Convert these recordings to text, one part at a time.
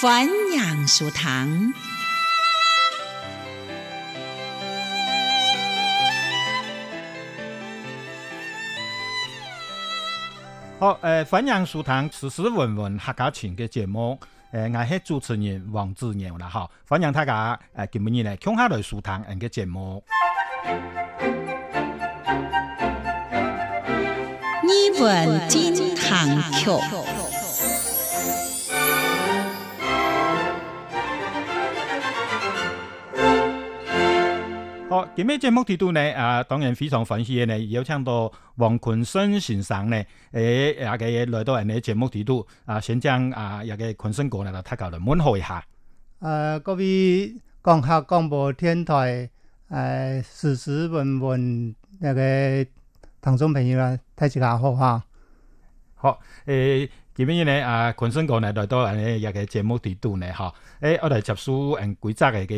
歡迎獅潭。好、哦，誒、呃，歡迎獅潭時事問問客家情嘅節目。誒、呃，我是主持人王志揚啦，哈，歡迎大家。誒、呃，今物日咧，講下嚟獅潭人嘅節目。你問金堂橋。金堂好、哦，今日節目睇到呢，啊，當然非常歡喜嘅呢，有請到王群生先生呢，誒，也嘅、啊、來到我哋節目睇到，啊，先將啊，也個群生哥呢就踢球嚟問候一下。啊，各位講客廣播電台誒，時時文文，那個聽眾朋友啊，睇住下好哈，好、哦，誒、欸。本邊呢？啊，群身哥呢？來到誒、哎、一個節目度呢？嚇！誒，我哋接受誒規則嘅嘅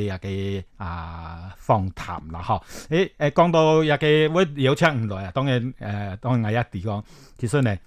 一個啊訪談啦，嚇、哎！誒、哎、誒，講到一個，我有出唔來啊，當然誒、呃，當然係一啲講，其實呢～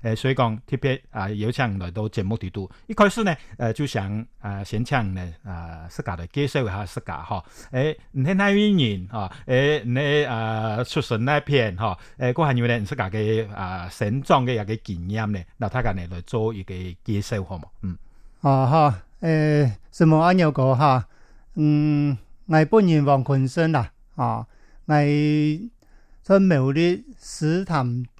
誒、呃，所以講特別啊邀請來到節目地度，一開始呢誒、呃、就想誒、呃、先請呢誒自家來介紹一下自家嚇，誒你哪邊人嚇，誒，你誒、哦呃、出生那片嚇、哦，誒，嗰下有呢自家嘅誒成長嘅一個經驗呢，那他家嚟來做一個介紹好冇？嗯，哦、啊，嚇、啊、誒，陳木安有講嚇，嗯，我本人黃坤生啦，啊，我從某啲獅潭。我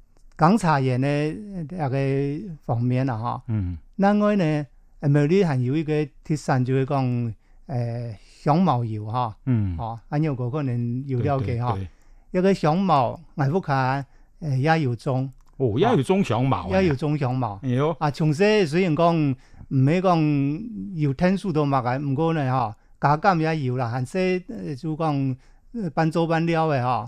講茶葉咧、啊嗯呃啊嗯啊啊，一個方面啦，哈、呃。嗯。另外咧，咪呢係有一個特產就係講，誒香茅油，哈。嗯。哦，咁樣個可能有了解，哈。一個香茅喺福建誒也有種，哦，也有種香茅。也有種香茅。係、哎、咯。啊，從細雖然講唔係講要天數都冇嘅，唔過咧，哈，價格咪也要啦，係些就講呃，半做半料嘅，哈。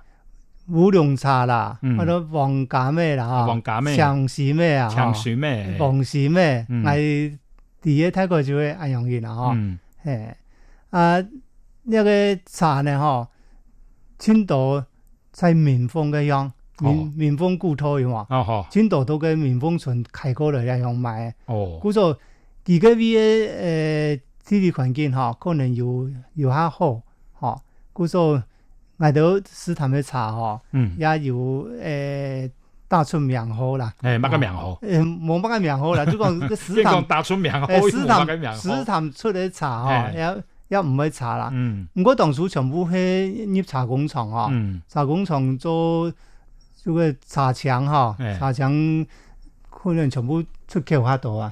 烏龍茶啦，或者黃假咩啦，哈，長樹咩啊，長樹咩，黃樹咩，係啲嘢睇過就會一樣嘅啦，吓，誒，啊，呢、嗯啊嗯啊那個茶呢，吼，青島在民風嘅樣，民民風古土嘅話，青島都嘅民風村開過來一樣賣，哦，故作而家呢啲誒地理環境，嗬，可能要要較好，嗬，故作。來到獅潭的茶嗬、哦嗯，也有誒打出名號啦。誒、欸，乜嘅名號？誒、欸，冇乜嘅名號啦。 就講獅潭打出名，號沒沒名號、欸，獅潭獅潭出的茶嗬、哦欸，也也唔會差啦。嗯，唔過當初全部去入茶工廠嗬、哦嗯，茶工廠做做個、就是、茶廠嗬、哦嗯，茶廠可能全部出口得多啊。